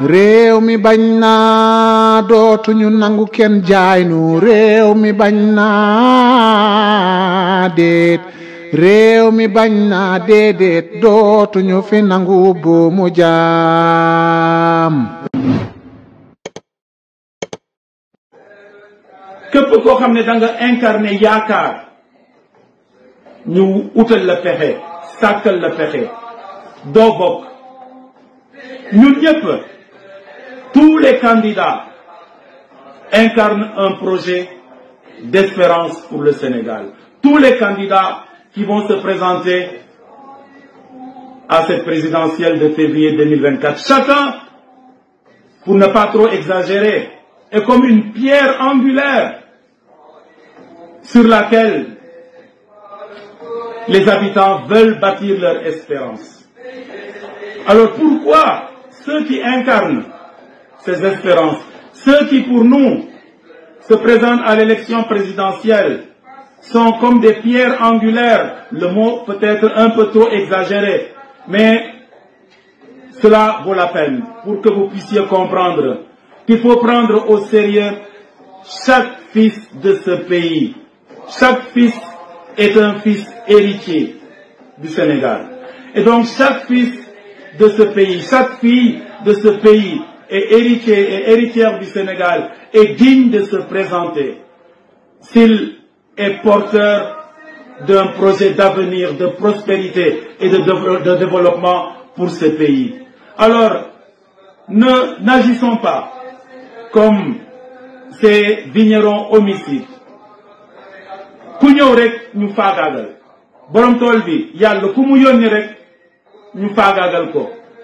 réew mi bañ naa dootuñu nangu kenn jaay nu réew mi bañ naa déet réew mi bañ naa déedéet dootuñu fi nangu buumu jaam. képp koo xam ne da nga incarné yaakaar ñu utal la pexe sàkkal la pexe doo bokk ñun ñëpp. tous les candidats incarnent un projet d'espérance pour le Sénégal. Tous les candidats qui vont se présenter à cette présidentielle de février 2024, chacun, pour ne pas trop exagérer, est comme une pierre angulaire sur laquelle les habitants veulent bâtir leur espérance. Alors pourquoi ceux qui incarnent ces espérances. Ceux qui, pour nous, se présentent à l'élection présidentielle sont comme des pierres angulaires, le mot peut-être un peu trop exagéré, mais cela vaut la peine pour que vous puissiez comprendre qu'il faut prendre au sérieux chaque fils de ce pays. Chaque fils est un fils héritier du Sénégal. Et donc chaque fils de ce pays, chaque fille de ce pays et héritier et héritière du Sénégal est digne de se présenter s'il est porteur d'un projet d'avenir, de prospérité et de, développement pour ce pays. Alors, ne n'agissons pas comme ces vignerons homicides. borom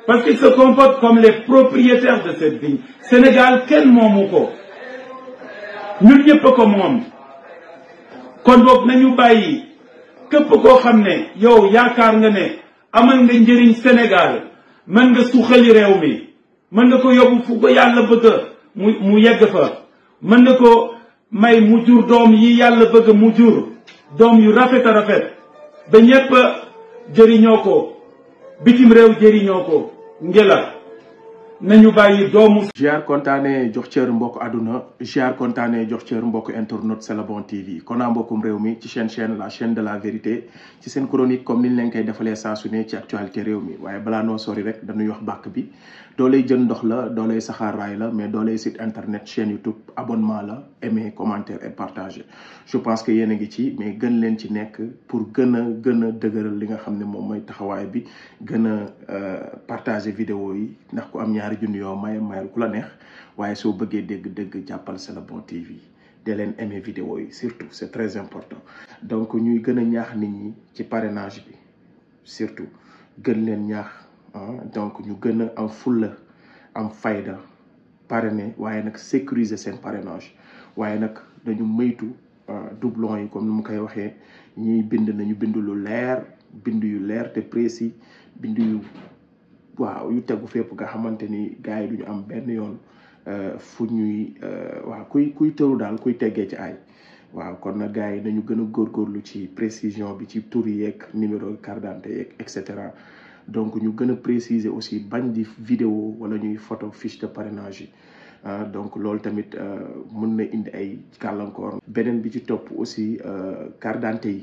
parce qu'il se comporte comme le propriétaires de cette vigne Sénégal kenn moomu ko ñun ñëpp ko moom kon boog nañu bàyyi képp koo xam ne yow yaakaar nga ne amal nga njëriñ Sénégal mën nga suxali réew mi mën na ko yóbbu fu ko yàlla bëgg mu mu yegg fa mën na ko may mu jur doom yi yàlla bëgg mu jur doom yu rafet rafet ba ñëpp jëriñoo ko bitim réew jëriñoo ko ngela nañu bayyi doomu. jiar kontaanee jox cër mbok aduna jiar kontaanee jox mbok internet c'est la bon TV kona mbokum rewmi ci chaîne chaîne la chaîne de la vérité ci sen chronique comme niñ leen koy defalé saa su ci actualité rewmi mi waaye no sori rek dañuy wax bak bi dooley jeun ndox la dooley saxaar raay la mais dooley site internet chaîne YouTube abonnement la aimer commenter et partager je pense que yene a ngi ci mais gën len ci nek pour gëna gëna gën li nga xamné mom moy taxaway bi gëna euh, partager vidéo yi nak ko am ñaar junni yo may mayal kula neex waye so bëggé dégg-dégg jappal c'est le bon TV de len aimer vidéo yi surtout c'est très important donc ñuy gëna a ñaax nit ñi ci parrainage bi surtout gën len ñaax Ah, donc ñu gën a am fulla am fayda parrainé waaye nag sécuriser seen parrainage waaye nag dañu moytu ah, doublon yi comme ni mu koy waxee ñiy bind nañu bind lu leer bind yu leer te précis bind yu waaw yu tegu fépp nga xamante ni gars yi duñu am benn yoon euh, fu ñuy euh, waaw kuy kuy tëru daal kuy teggee ci ay waaw kon nag gars nañu gën a góorgóorlu ci précision bi ci tur yeeg numéro carte d'identité yeeg et cetera donc ñu gën préciser aussi bagn di vidéo wala ñuy photo fiche de parrainage ah, donc lool tamit euh, mën na indi ay kàllankoor. benen bi ci top aussi euh, carte d'identité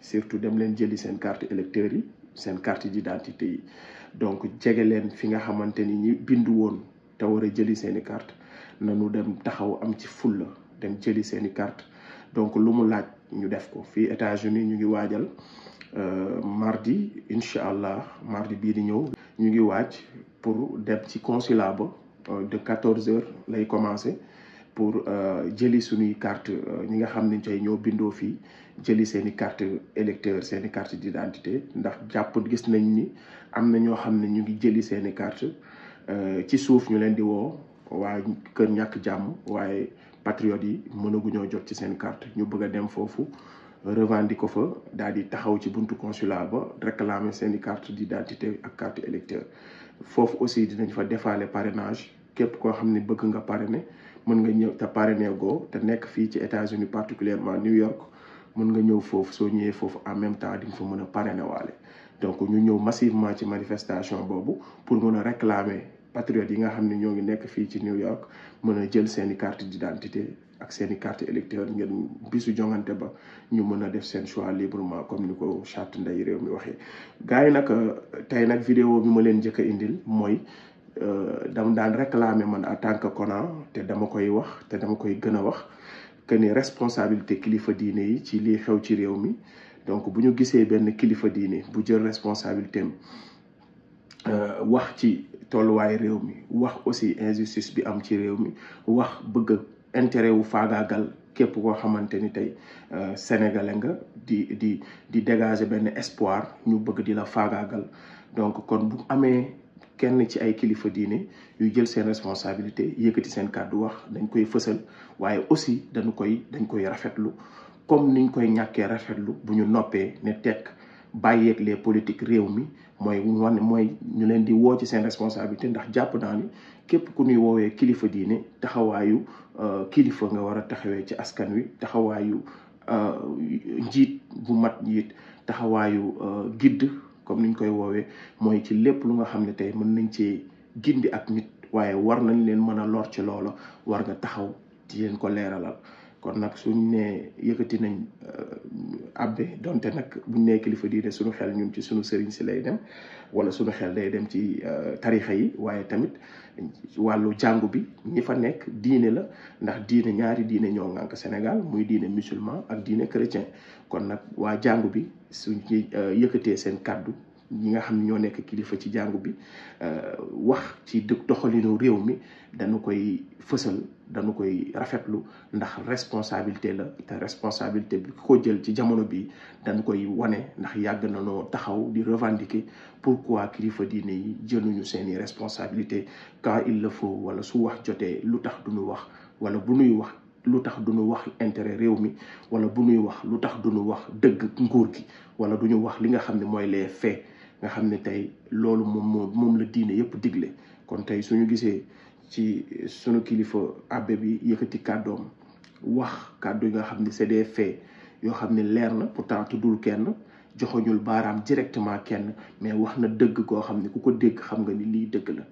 surtout dem leen jëli sen carte électeur yi seen carte d'identité yi donc jege leen fi nga xamante ñi bindu woon te jëli seen carte nañu dem taxaw am ci fulla dem jëli seen carte donc lumu laaj ñu def ko fi États-Unis ñu ngi waajal. Euh, mardi incha allah mardi bii di ñëw ñu ngi wàcc pour dem ci consulat ba euh, de 14 heures lay commencé pour euh, jëli suñuy carte ñi nga xam ni tey ñoo bindoo fii jëli seen i carte électeur seen i carte d'identité ndax jàpp gis nañ ni am na ñoo xam ne ñu ngi jëli seen i carte ci suuf ñu leen di woo waaye kër ñàkk jàmm waaye patriotes yi mënaguñoo jot ci seen carte ñu bëgg a dem foofu revendiquer fa daal taxaw ci buntu consulat ba réclamer seeni carte d'identité ak carte électeur fofu aussi dinañ fa le parrainage képp ko xamni bëgg nga parrainer mën nga ñëw ta parrainer go te nekk fi ci États-Unis particulièrement New York mën nga ñëw fofu so ñëwé fofu en même temps diñ fa mëna a parrainer donc ñu ñëw massivement ci manifestation bobu pour mëna réclamer patriotes yi nga xamni ñoo ngi nekk fi ci New York mëna jël seeni carte d'identité ak seen i carte électeur ngeen bisu jongante ba ñu mën a def seen choix librement comme ni ko charte ndey réew mi waxee. gars yi nag euh, tey nag vidéo bi ma leen njëkk indil mooy euh, dama daan réclamer man en tant que Kona te dama koy wax te dama koy gën a wax que ni responsabilité kilifa diine yi ci lii xew ci réew mi donc bu ñu gisee benn kilifa diine bu jël responsabilité am euh, wax ci tolluwaay réew mi wax aussi injustice bi am ci réew mi wax bëgg intérêt wu faagaagal képp koo xamante ni tey euh, sénégalais nga di di di dégager benn espoir ñu bëgg di la faagaagal donc kon bu amee kenn ci ay kilifa diine yu jël seen responsabilité yëkkati seen kàddu wax dañ koy fësal waaye aussi dañu koy dañ koy rafetlu comme niñ koy ñàkkee rafetlu bu ñu noppee ne tekk bàyyeeg les politiques réew mi mooy wan mooy ñu leen di woo ci seen responsabilité ndax jàpp naa ni képp ku nuy woowee kilifa diine taxawaayu Euh, kilifa nga war a taxawee ci askan wi taxawaayu euh, njiit bu mat njiit taxawaayu euh, gidd comme niñ koy woowee mooy ci lépp lu nga xam ne tey mën nañ cee gindi ak nit waaye war nañ leen mën a lor ci loolo war nga taxaw ci leen ko leeralal kon nag suñ ne yëkkati nañ abbe donte nag buñ nee kilifa diine suñu xel ñun ci suñu sëriñ si lay dem wala suñu xel day dem ci euh, tarixa yi waaye tamit wàllu jàngu bi ñi fa nekk diine la ndax diine ñaari diine ñoo ngànk Sénégal muy diine musulman ak diine chrétien kon nag waa jàngu bi suñ ci euh, yëkkatee seen kàddu ñi nga xam ne ñoo nekk kilifa ci jàngu bi euh, wax ci doxalinu réew mi danu koy fësal danu koy rafetlu ndax responsabilité la te responsabilité bi ko jël ci jamono bi dañu koy wane ndax yàgg na noo taxaw di revendiquer quoi kilifa diine yi jëluñu seeni responsabilité quand il le faut wala su wax jotee lu tax duñu wax wala bu nuy wax lu tax duñu wax intéret réew mi wala bu nuy wax lu tax duñu wax dëgg nguur gi wala duñu wax li nga xam ne mooy les faits nga xamné tay loolu mom mom la diiné yépp diglé kon tay suñu gisé ci sunu kilifa abbé bi yëkkati kàddoom wax kàddu nga xamné c'est des faits yoo xam ne na pourtant tudul kenn joxoñul baram directement kenn mais wax na dëgg koo xam ne ku ko dégg xam nga ni li dëgg la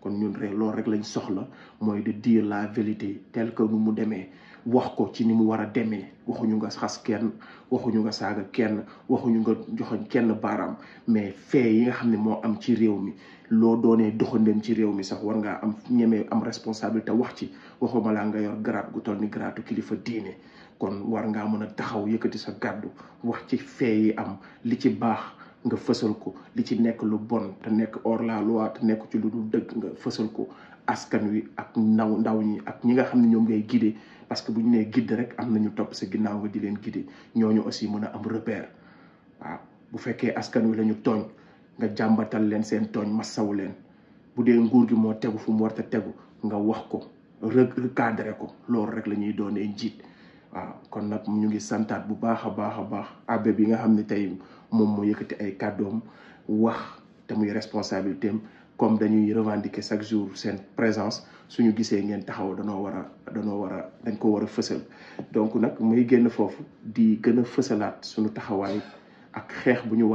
kon ñun rek lool rek lañ soxla moy de dire la vérité tel que mu démé wax ko ci ni mu war a demee waxuñu nga xas kenn waxuñu nga saaga kenn waxuñu nga joxoñ kenn baaraam mais fee yi nga xam ne moo am ci réew mi loo doonee doxandéem ci réew mi sax war ngaa am ñemee am responsabilité wax ci waxuma laa nga yor garaat gu toll ni garaatu kilifa diine kon war ngaa mën a taxaw yëkkati sa gàddu wax ci fee yi am li ci baax nga fësal ko li ci nekk lu bon te nekk hors la loi te nekk ci lu dul dëgg nga fësal ko askan wi ak ndaw ndaw ñi ak ñi nga xam ne ñoom ngay gide parce que bu ñu nee guide rek am na ñu topp sa ginnaaw nga di leen ñoo ñu aussi mën a am repère waaw bu fekkee askan wi lañu ñu tooñ nga jàmbatal leen seen tooñ massawu leen bu dee nguur gi moo tegu fu mu war a tegu nga wax ko recadré ko loolu rek la ñuy doonee njiit waaw kon nag ñu ngi santaat bu baax a baax a baax abbé bi nga xam ni tey moom moo yëkkati ay kàddoom wax te muy responsabilité comme nous revendiquons chaque jour sa présence suñu nous ngeen taxaw danoo nous a faire. donc nous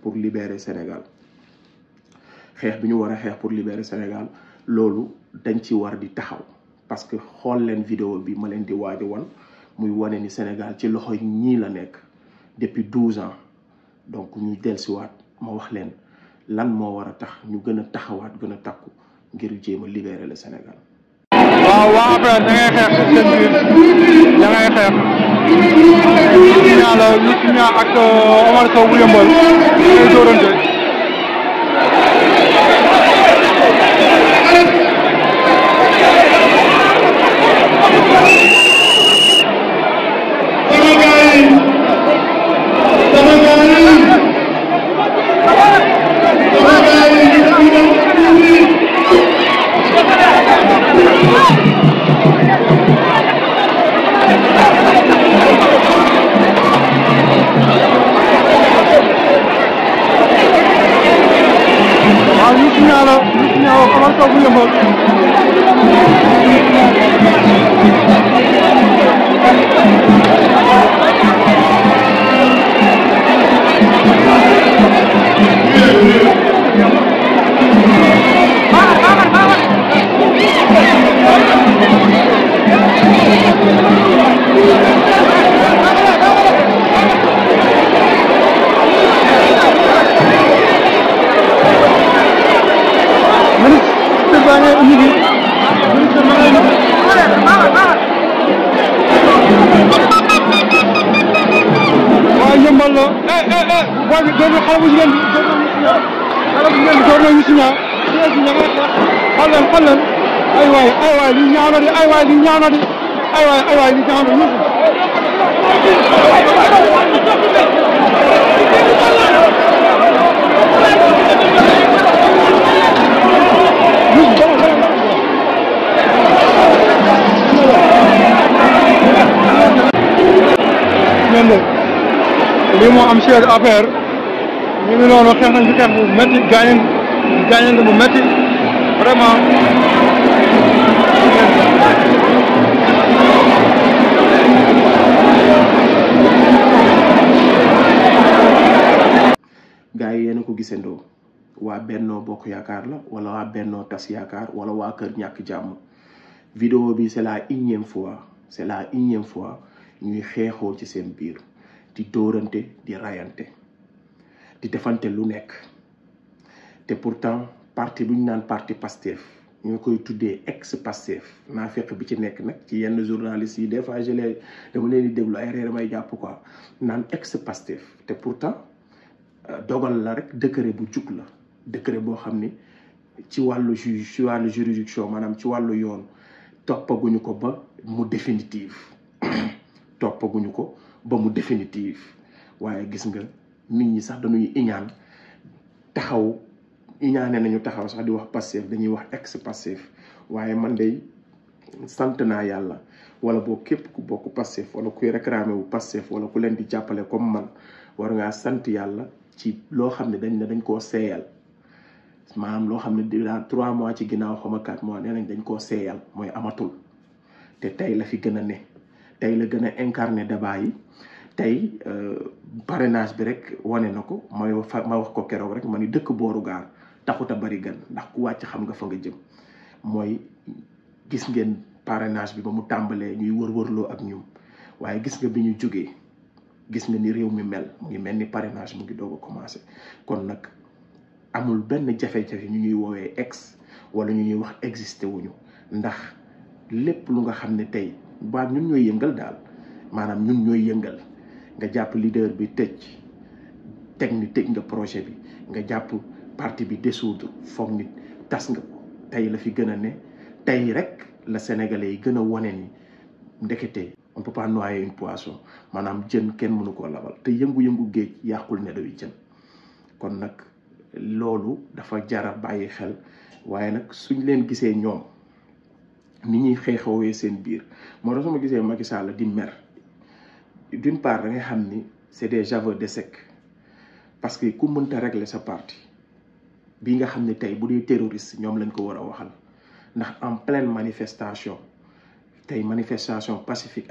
pour libérer Sénégal Nous pour libérer Sénégal war di taxaw parce que xool vidéo bi ma leen di ni Sénégal ci loxo la depuis 12 ans donc ñu ma lan moo war a tax ñu gën a taxawaat gën a takku ngir jéem a libérer le Sénégal. waaw waa APR da ngay xeex si seen biir da xeex ñu ñaa la ñu ñaa ak euh, Omar Sow bu yëmbal ngay dóorante あ動きなら動きなら分からんと思うよもう。Thank you. xale bu jigéen bi door na Youssou Niang xale bu jigéen bi door na Youssou Niang Youssou Niang xool leen xool leen ay waay ay waay li ñaaw na di ay waay li ñaaw na di ay waay ay waay li ñaaw na lii moo am cher affaire ñu ngi noonu xeex bu métti vraiment gars yi yéen a ko gisandoo waa bennoo bokk yaakaar la wala waa bennoo tas yaakaar wala waa kër ñàkk jàmm vidéo bi c'est la énième fois c'est la énième fois ñuy xeexoo ci seen biir di dóorante di rayante di defante lu nekk te pourtant parti bu ñu naan parti Pastef ñu ngi koy tuddee ex Pastef naa fekk bi ci nekk nag ci yenn journalistes yi des fois je les dama leen di déglu ay reer may jàpp quoi naan ex passif. te pourtant euh, dogal la rek décret bu jug la décret boo xam ni ci wàllu ju ci wàllu juridiction maanaam ci wàllu yoon toppaguñu ko ba mu définitive toppaguñu ko ba mu définitive waaye gis nga nit ñi sax dañuy iñaan taxaw iñaane nañu taxaw sax di wax passif dañuy wax ex passif waaye man de sant naa yàlla wala boo képp ku bokk passif wala kuy réclamé wu passif wala ku leen di jàppale comme man war ngaa sant yàlla ci loo xam ne dañ ne dañ koo seeyal maanaam loo xam ne dinaa trois mois ci ginnaaw xama quatre mois nee nañ dañ koo seeyal mooy amatul te tey la fi gën a ne tey la gën a incarné débat yi tey euh, parrainage bi rek wane na ko ma ma wax ko keroog rek ma ni dëkk booru gaar taxut a bari gan ndax ku wàcc xam nga fa nga jëm mooy gis ngeen parrainage bi ba mu tàmbalee ñuy wër-wërloo ak ñum waaye gis nga bi ñu jógee gis nga ni réew mi mel mu ngi mel ni parrainage mu ngi doog a commencé kon nag amul benn jafe-jafe ñu ñuy woowee ex wala ñu ñuy wax existé wuñu ndax lépp lu nga xam ne tey baat ñun ñooy yëngal daal maanaam ñun ñooy yëngal nga japp leader bi tecc technique ni nga projet bi nga japp parti bi dessoudre fokh nit tas nga ko tay la fi gëna né tay rek la sénégalais yi gën a ni ndekété on peut pas noyer une poisson manam jeun kenn mënu ko labal te yëngu-yëngu géej yàqul ne doy jeun kon nak lolu dafa jara bàyyi xel waye nak suñu leen gisé ñom ni ñi xeexoowee seen biir mo tax su ma gisee Macky Sall di mer d'une part c'est des de sec. parce que tout le régler sa partie bi nga xam terroristes en pleine manifestation des manifestation pacifique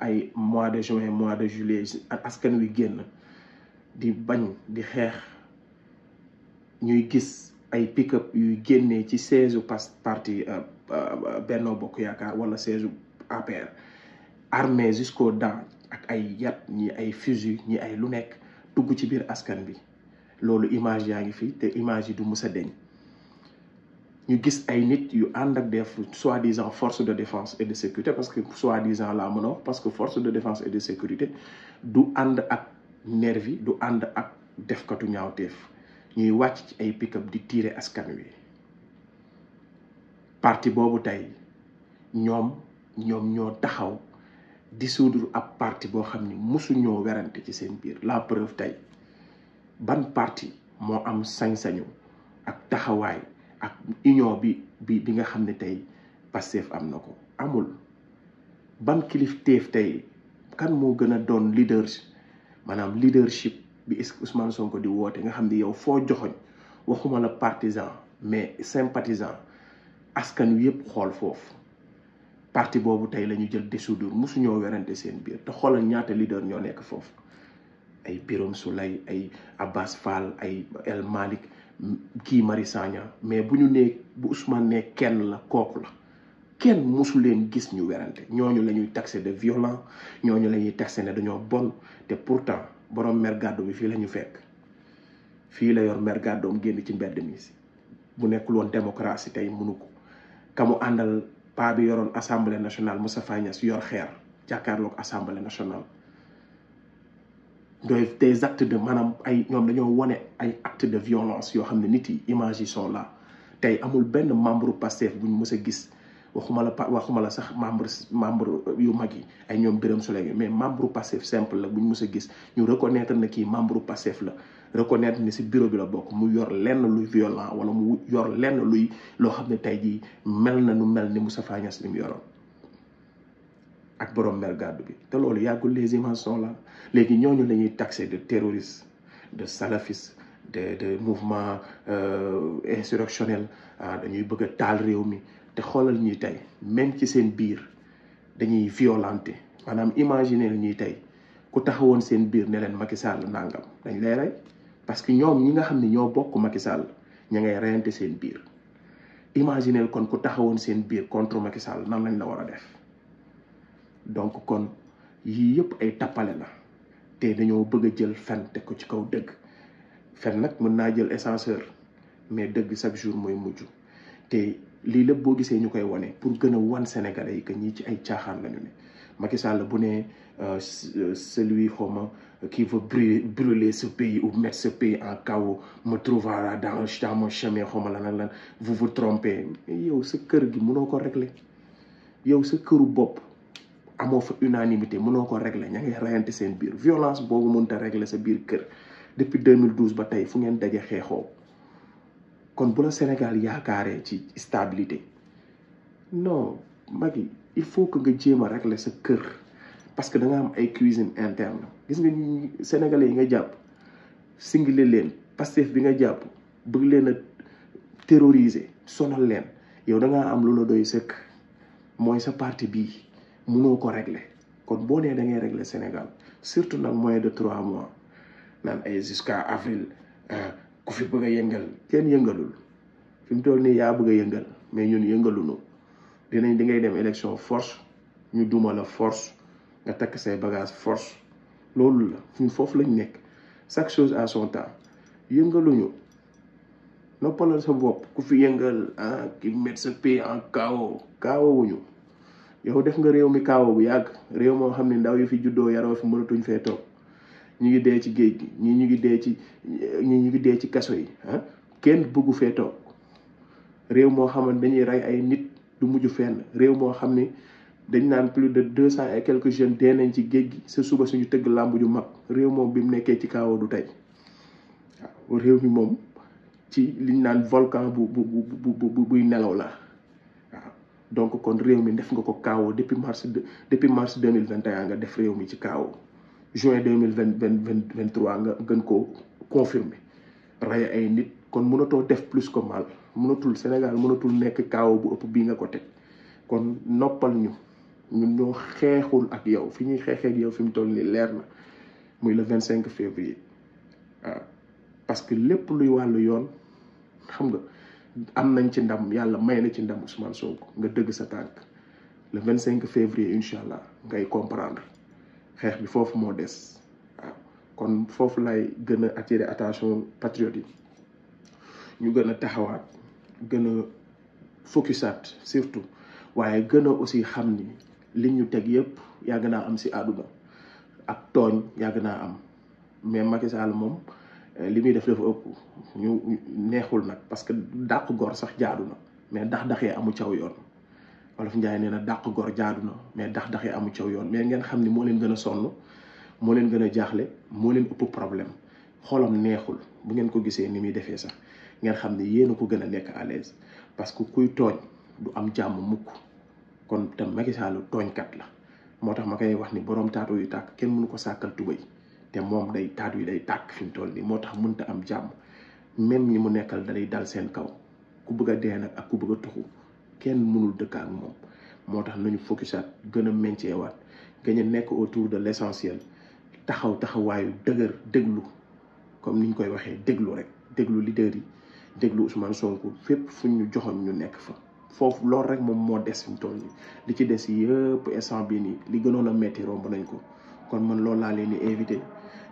ay mois de juin mois de juillet askan wi génn di bañ di Ils ñuy gis ay pick-up qui génnee ci des partie euh, euh, Benno Bokk wala APR jusqu'au dents ak ay yat ñi ay fusil ñi ay lu nek dugg ci bir askan bi lolu image yaangi fi te image du mus a deñ ñu gis ay nit yu and ak def soi-disant force de défense et de sécurité parce que soi-disant la mono parce que force de défense et de sécurité du and ak nervi du and ak katu ñaawteef ñuy wacc ci ay pick-up di tirer askan wi parti bobu tay ñom ñom ñoo taxaw di dissoudre ab parti boo xam ni mosuñoo werante ci seen biir la preuve tey ban parti moo am sañ-sañu ak taxawaay ak union bi bi bi nga xam ne tey Pastef am na ko amul ban kilifteef tey kan moo gën a doon leader maanaam leadership bi Ousmane ko di woote nga xam ni yow foo joxoñ waxuma la partisan mais sympathisant askan wi yëpp xool foofu parti boobu tey la ñu jël dissoudre mosuñoo werante seen biir te xoolal ñaata leader ñoo nekk foofu ay Birame Souleye ay Abbas Fall ay El Malick kii Marie Sagna mais bu ñu nee bu Ousmane nee kenn la kooku la kenn mosu leen gis ñu werante ñooñu la ñuy taxé de violent ñooñu la ñuy taxé ne dañoo bon te pourtant borom mer gàddu bi fii la ñu fekk fii la yor mer gàddoom génn ci mbedd mi si bu nekkul woon démocratie tey mënu ko ka àndal pa bi yoron assemblée nationale Moustapha fagnas yor jakarlo ak assemblée nationale doy des actes de manam ay ñom dañoo woné ay actes de violence yo xamné nit yi image yi sont là tay amul ben membre Pastef buñ mës gis waxuma la waxuma la sax membre membre yu magi ay ñom Birame Souleye mais membre Pastef simple la buñ mës gis ñu reconnaître na ki membre Pastef la reconnaître ni si bureau bi la bokk mu yor lenn luy violent wala mu yor lenn luy loo xam ne tey jii mel na nu mel ni Moustapha Niasse li mu yoroon ak borom mel gàddu bi te loolu yàggul les images sont léegi ñooñu la ñuy taxé de terroriste de salafiste de de mouvement euh, insurrectionnel ah dañuy bëgg a taal réew mi te xoolal ñuy tey même ci seen biir dañuy violenté maanaam imaginer ñuy tey ku taxawoon seen biir ne leen Macky nangam dañ lay parce que ñoom ñi nga xam ne ñoo bokk Macky Sall ña ngay reyante seen biir imagineel kon ku taxawoon seen biir contre Macky Sall nan lañ la war a def donc kon yii yëpp ay tappale la te dañoo bëgg a jël fen teg ko ci kaw dëgg fen nag mën naa jël ascenseur mais dëgg chaque jour mooy mujj te lii lépp boo gisee ñu koy wane pour gën a wan Sénégalais yi que ñii ci ay caaxaan lañu ne Macky Sall bu ne euh, euh, celui xawma qui veut brûler ce pays ou mettre ce pays en chaos me trouvera dans dans mon chemin xawma vous vous trompez yow ce cœur gi mënoo ko régler yow ce cœur bob amoo fa unanimité mon ko régler ñi ngay rayante seen biir violence boobu mënta régler sa biir cœur depuis 2012 ba tay fu ngeen daje xeexoo kon bu la Sénégal yaakaaré ci stabilité non Macky il faut que nga jéem a régler sa kër parce que da nga am ay cuisine interne gis nga ñi sénégalais yi nga jàpp singile leen Pastef bi nga jàpp bëgg leen a terroriser sonal leen yow da ngaa am lu la doy sëkk mooy sa parti bi munoo ko régler kon boo nee da ngay régler Sénégal surtout nag moyen de trois mois naan ay eh, jusqu'à avril euh, ku fi bëgg a yëngal kenn yëngalul fi mu toll nii yaa bëgg a yëngal mais ñun yëngalunu dinañ di ngay dem élection force ñu duma force nga takk say bagage force loolu la ñun foofu lañu nekk chaque chose à son temps yëngaluñu noppalal sa bopp ku fi yëngal ah ki met sa pays en chaos chaoswuñu yow def nga réew mi chaos bu yàgg réew moo xam ne ndaw yu fi juddoo yaroo fi mënatuñ fee toog ñu ngi dee ci géej gi ñu ngi ci ñi ñu ngi dee ci kaso yi ah kenn bëggu fee toog réew moo xamante dañuy rey ay nit du mujj fenn réew moo xam ne dañ naan plus de deux cent et quelques jeune dee nañ ci géej gi sa suba suñu tëgg làmb ju mag réew moom bi mu nekkee ci kaawoo du tey réew mi moom ci liñ naan volcan bu bu bu bu buy nelaw la waaw donc kon réew mi def nga ko kaawoo depuis mars de depuis mars deux mille vingt nga def réew mi ci kaawoo juin deux mille vingt vingt vingt trois nga gën ko confirmer rey ay nit kon mënatoo def plus que mal. mënatul Sénégal mënatul nekk kaaw bu ëpp bii nga ko teg kon noppal ñu ñun ñoo xeexul ak yow fi ñuy xeexee ak yow fi mu toll nii leer na muy le vingt cinq février waaw parce que lépp luy wàllu yoon xam nga am nañ ci ndam yàlla may na ci ndam soow ko nga dëgg sa tànk le vingt cinq février incha allah ngay comprendre xeex bi foofu moo des waaw kon foofu lay gën a attirer attention patriote yi ñu gën a taxawaat gën a focusaat surtout waaye gën aussi xam ni li ñu teg yëpp yàgg naa am si àdduna ak tooñ yàgg naa am mais Macky Sall moom euh, li muy def dafa ëpp ñu neexul nag parce que dàq gor sax jaadu na mais dax daxee amu caw yoon wolof Njaay nee na dàq gor jaadu na mais dax daxee amu caw yoon mais ngeen xam ni moo leen gën a sonn moo leen gën a jaaxle moo leen ëpp problème xolam neexul bu ngeen ko gisee ni muy defee sax ngeen xam ne yéen a ko gën a nekk à l'aise parce que kuy tooñ du am jàmm mukk kon tam Macky Sall tooñkat la moo tax ma koy wax ni borom taatu yu tàkk kenn mënu ko sàkkal tubay te moom day taatu yi day tàkk fi mu toll nii moo tax mun mënta am jàmm même ñi mu nekkal dalay dal seen kaw ku bëgg a dee nag ak ku bëgg a tuxu kenn mënul dëkk ak moom moo tax nañu focusaat gën a menceewaat gën a nekk autour de l'essentiel taxaw taxawaayu dëgër déglu comme niñ koy waxee déglu rek déglu leader yi déglu Ousmane Sonko fépp fu ñu joxoon ñu nekk fa foofu loolu rek moom moo des fi mu toll li ci des yëpp instant bii nii li gënoon a metti romb nañ ko kon man loolu laa leen di invité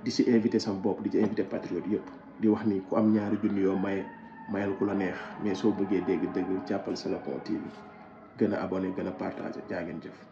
di si invité sama bopp di ci invité patriote yëpp di wax ni ku am ñaari junni yoo maye mayal ku la neex mais soo bëggee dégg dégg jàppal Sénégal TV gën a abonné gën a partagé jaa ngeen jëf.